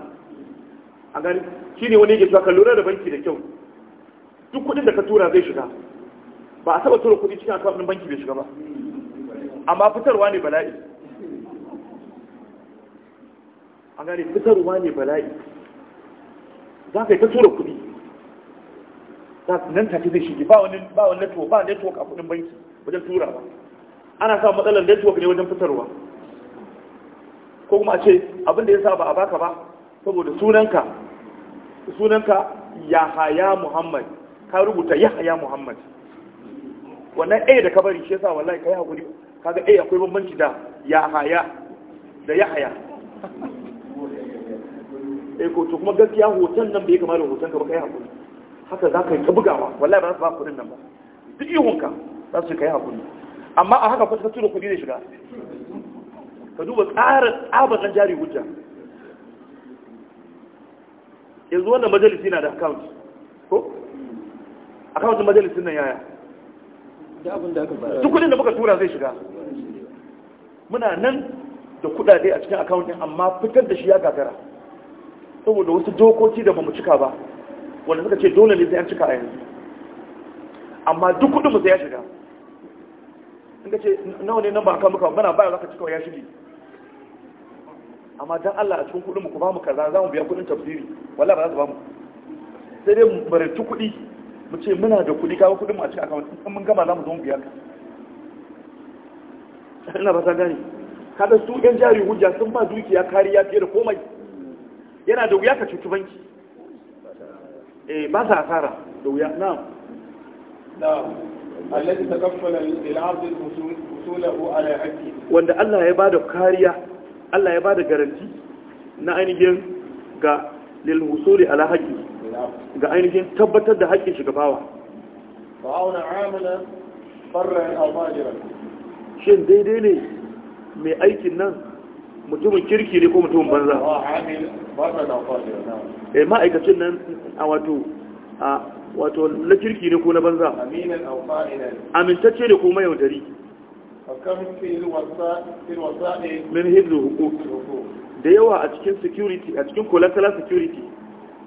a gani shine wani yake cewa ka lura da banki da kyau duk kudin da ka tura zai shiga ba a saba tura kudi cikin akwai banki bai shiga ba amma fitarwa ne bala'i a gani fitarwa ne bala'i za ka yi ta tura kudi nan ce zai shige ba wani ba wani network ba network a kudin banki wajen turawa ana samun matsalar network ne wajen fitarwa ko kuma a ce abin da ya sa ba a baka ba saboda sunanka sunanka yahaya muhammad ka rubuta yahaya muhammad wannan a da ka bari shi yasa wallahi kai hakuri kaga a akwai bambanci da yahaya da yahaya eh ko to kuma gaskiya hoton nan bai kamar hoton ka ba kai hakuri haka za ka yi ta bugawa wallahi ba za su ba kuɗin nan ba duk ihunka za su kai hakuri amma a haka kwata tura kudi zai shiga ka duba tsarin tsabar nan jari hujja yanzu wannan majalisi na da account ko accountin majalisin nan yaya duk kudin da muka tura zai shiga muna nan da kudade a cikin akawuncin amma fitar da shi ya gagara saboda wasu dokoki da ba mu cika ba wanda suka ce dole ne sai an cika a yanzu amma duk kudin musa ya shiga inda ce nawa ne nan ba kan muka mana baya za ka cika ya shige amma dan Allah a cikin kudin muku ku ba mu kaza za mu biya kudin tafsiri wallahi ba za su ba mu sai dai mu barantu kudi mu ce muna da kudi kawo kudin mu a cikin account in mun gama za mu zo mu biya ka ina ba ta gani kada su yan jari hujja sun ba dukiya kariya fiye da komai yana da wuya ka cuci banki eh ba sa asara da wuya na'am na'am allazi takaffala lil abd usulahu ala haqqi wanda Allah ya bada kariya Allah ya bada garanti na ainihin ga lil usuli ga ainihin tabbatar da haƙƙin shugabawa fa'auna amana farra al fajira shin daidai ne mai aikin nan mutumin kirki ne ko mutumin banza e ma'aikacin nan a wato a wato na kirki ne ko na banza amintacce ne ko mai yaudari min hibzu hukuk da yawa a cikin security a cikin collateral security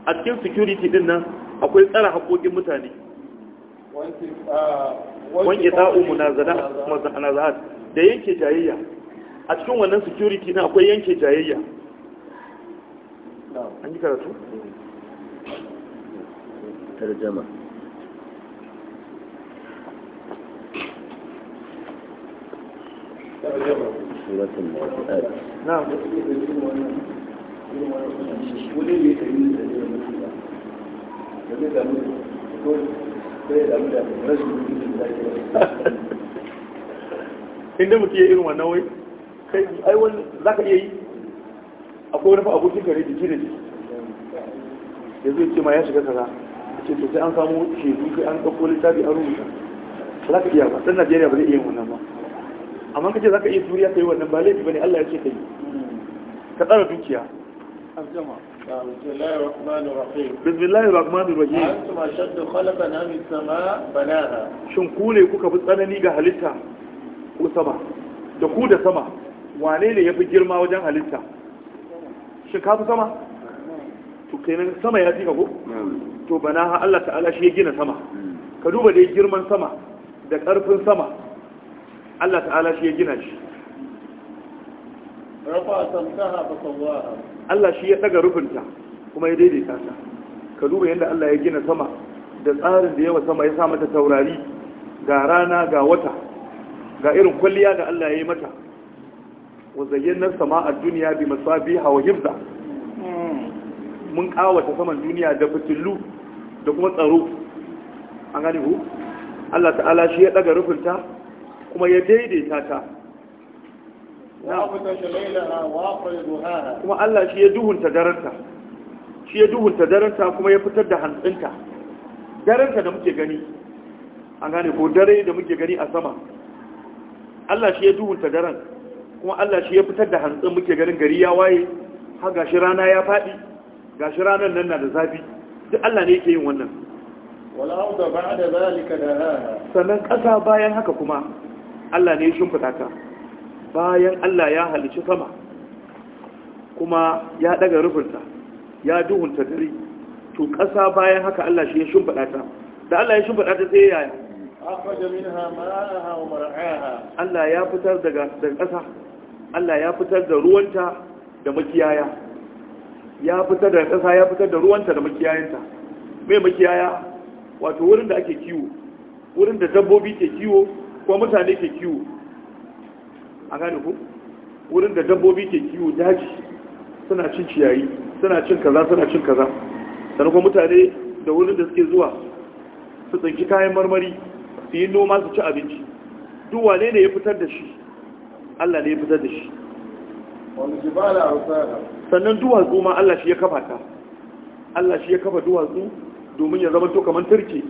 a cikin security din nan akwai tsara haƙoƙin mutane wanke ta'u munazanat da yanke jayayya a cikin wannan security na akwai yanke jayayya an ji karatu tarjama inda mutu ya irin wannan wai kai ai wani za ka iya yi akwai wani abokin kare jiki da jiki ya zai ce ma ya shiga kaza ce to sai an samu shedu sai an ɗauko littafi an rubuta za ka iya ba ɗan najeriya ba zai iya yin wannan ba amma ce za ka iya suriya ka yi wannan ba laifi ba ne allah ya ce ka yi ka tsara dukiya بسم الله الرحمن الرحيم بسم الله الرحمن الرحيم أنتم أشد خلقا أم السماء بناها شن كولي كوكا بتسألني جهلتها وسما دكودة سما wane ne ya fi girma wajen halitta shi ka fi sama to kenan sama ya fi kako. ko to bana ha Allah ta'ala shi ya gina sama ka duba da girman sama da ƙarfin sama Allah ta'ala shi ya gina shi Allah shi ya daga rufinta kuma ya daidaita ta ka duba yadda Allah ya gina sama da tsarin da yawa sama ya sa mata taurari ga rana ga wata ga irin kwalliya da Allah ya yi mata wa zayyana sama a duniya bi masabiha wa hifza mun kawata saman duniya da fitillu da kuma tsaro an gani ku Allah ta'ala shi ya daga rufinta kuma ya daidaita ta kuma Allah shi ya duhunta daranta shi ya duhunta daranta kuma ya fitar da hantsinta daranta da muke gani an gani ko dare da muke gani a sama Allah shi ya duhunta daranta kuma Allah shi ya fitar da hantsin muke ganin gari ya waye har gashi rana ya faɗi gashi ranar nan na da zafi duk Allah ne yake yin wannan wala da ba'da zalika da sannan ƙasa bayan haka kuma Allah ne ya shimfida ta bayan Allah ya halici sama kuma ya daga rufinta ya duhunta dare to ƙasa bayan haka Allah shi ya shimfida ta da Allah ya shimfida ta sai yaya Allah ya fitar daga ƙasa Allah ya fitar da ruwanta da makiyaya ya fitar da ƙasa ya fitar da ruwanta da makiyayanta mai makiyaya wato wurin da ake kiwo wurin da dabbobi ke kiwo ko mutane ke kiwo a gane ku wurin da dabbobi ke kiwo daji suna cin ciyayi suna cin kaza suna cin kaza sannan kuma mutane da wurin da suke zuwa su tsinki kayan marmari su yi noma su ci abinci duk wane ne ya fitar da shi Allah ne ya fitar da shi sannan duwatsu ma Allah shi ya kafa ta Allah shi ya kafa duwatsu domin ya zama to kamar turke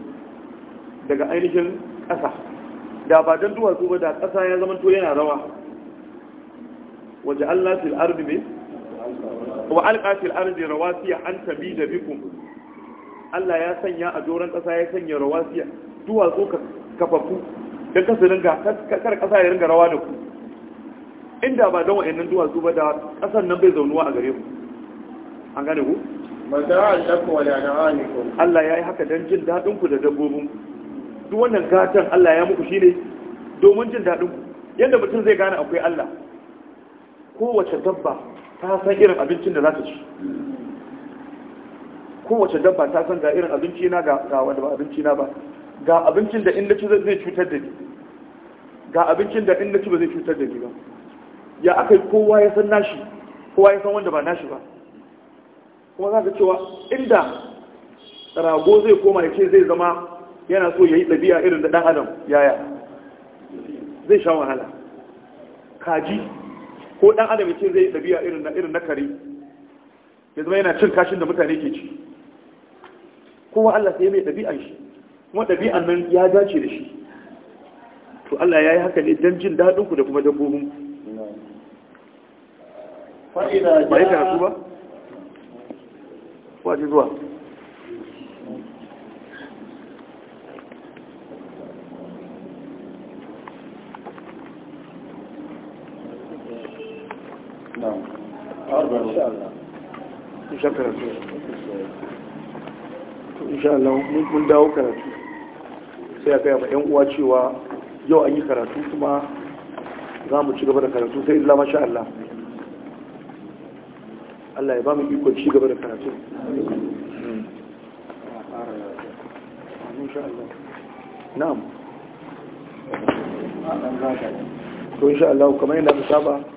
daga ainihin ƙasa da ba don duwatsu ba da ƙasa ya zama to yana rawa waje Allah fil arbi ne wa alqa fil rawa siya an tabida bikum Allah ya sanya a doron ƙasa ya sanya rawa siya duwatsu kafafu don kasa ringa kar ƙasa ya ringa rawa da ku inda ba don wa'annan duwatsu ba da ƙasar nan bai zaunuwa a gare mu an gane ku Allah ya yi haka don jin daɗinku da dabbobin duk wannan gatan Allah ya muku shi ne domin jin daɗinku yadda mutum zai gane akwai Allah kowace dabba ta san irin abincin da za ta ci kowace dabba ta san ga irin abinci na ga wanda ba abinci na ba ga abincin da in na ci zai cutar da ni ga abincin da in na ci ba zai cutar da ni ba ya aka kowa ya san nashi kowa ya san wanda ba nashi ba kuma za ka cewa inda rago zai koma ya ce zai zama yana so ya yi ɗabi'a irin da ɗan adam yaya zai sha wahala kaji ko ɗan adam ya ce zai yi ɗabi'a irin na kare ya zama yana cin kashin da mutane ke ci kowa Allah sai mai ɗabi'an shi kuma ɗabi'an nan ya dace da shi to Allah ya yi haka ne don jin daɗinku da kuma dabbobinku ba karatu mun dawo karatu sai aka yaba 'yan uwa cewa yau an yi karatu kuma za mu ci gaba da karatu sai illa masha Allah Allah ya ba mu ikon ci gaba da karatu na'am to insha Allah kamar yadda mu saba